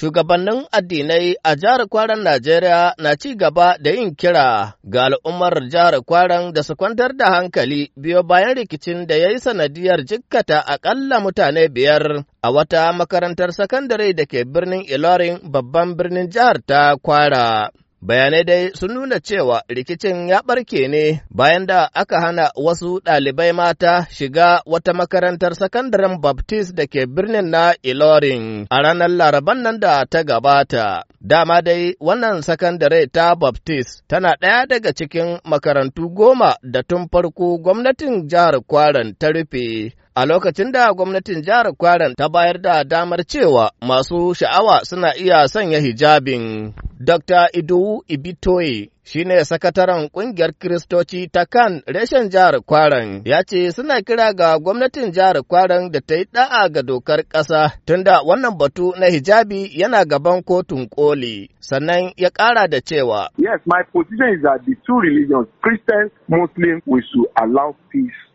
Shugabannin addinai a jihar Kwaran Najeriya na ci gaba da yin kira ga al'ummar jihar Kwaran da su kwantar da hankali biyo bayan rikicin da ya yi sanadiyar jikkata aƙalla mutane biyar a wata makarantar sakandare da ke birnin Ilorin babban birnin jihar ta Kwara. Bayanai dai sun nuna cewa rikicin ya ɓarke ne bayan da aka hana wasu ɗalibai mata shiga wata makarantar sakandaren Baptist da ke birnin na Ilorin a ranar Laraban nan da ta gabata. Dama dai wannan sakandare ta Baptist tana ɗaya daga cikin makarantu goma da tun farko gwamnatin jihar Kwaran ta rufe a lokacin da gwamnatin jihar Kwaran ta bayar da damar cewa masu sha'awa suna iya sanya hijabin. Dr. Idu Ibitoye ne sakataren ƙungiyar Kiristoci ta kan reshen jihar Kwaran ya ce suna kira ga gwamnatin jihar Kwaran da ta yi da'a ga dokar ƙasa tunda wannan batu na hijabi yana gaban kotun koli sannan ya ƙara da cewa. Yes, my position is that the two religions, Christians, Muslims, we should allow peace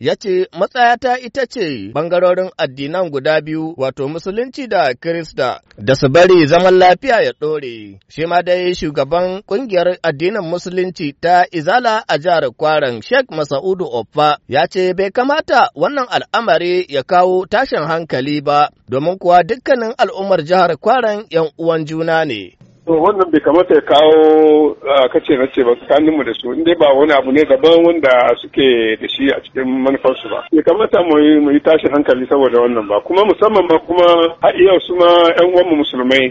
Ya ce matsayata ita ce bangarorin addinan guda biyu wato musulunci da kirista da su bari zaman lafiya ya ɗore. Shi ma dai shugaban ƙungiyar addinin musulunci ta Izala a jihar Kwaran Sheikh Masa'udu Offa ya ce bai kamata wannan al'amari ya kawo tashin hankali ba domin kuwa dukkanin al'ummar jihar Kwaran 'yan uwan juna ne. to wannan bai kamata ya kawo kace na ce ba tsakanin mu da su inda ba wani abu ne daban wanda suke da shi a cikin manufarsu ba bai kamata mu yi tashin hankali saboda wannan ba kuma musamman ma kuma har iya su ma yan eh. mu musulmai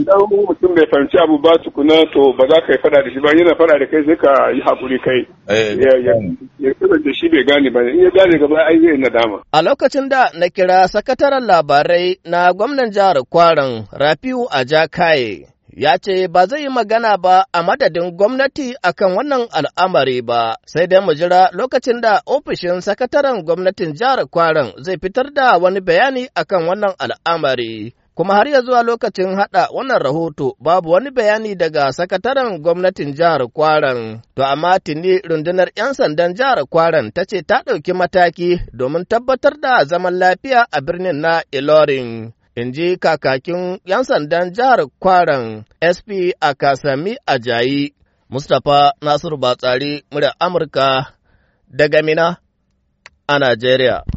idan mutum bai fahimci abu ba tukuna to ba za ka yi fada da shi ba yana fada da kai sai ka yi hakuri kai eh, ya da shi bai gane ba in ya gane gaba ai zai nadama a lokacin da na kira sakataren labarai na gwamnan jihar Kwaran Rafiu Ajakaye ya ce ba zai yi magana ba a madadin gwamnati akan wannan al'amari ba, sai dai mu jira lokacin da ofishin sakataren gwamnatin jihar Kwaran zai fitar da wani bayani akan wannan al'amari. Kuma har ya zuwa lokacin haɗa wannan rahoto babu wani bayani daga sakataren gwamnatin jihar Kwaran. To amma tuni rundunar 'yan sandan jihar Kwaran ta ce ta ɗauki mataki domin tabbatar da zaman lafiya a birnin na Ilorin. in ji kakakin 'yan sandan jihar Kwaran SP a Kasami Ajayi, Mustapha Nasiru Batsari, murya Amurka daga Mina a Najeriya.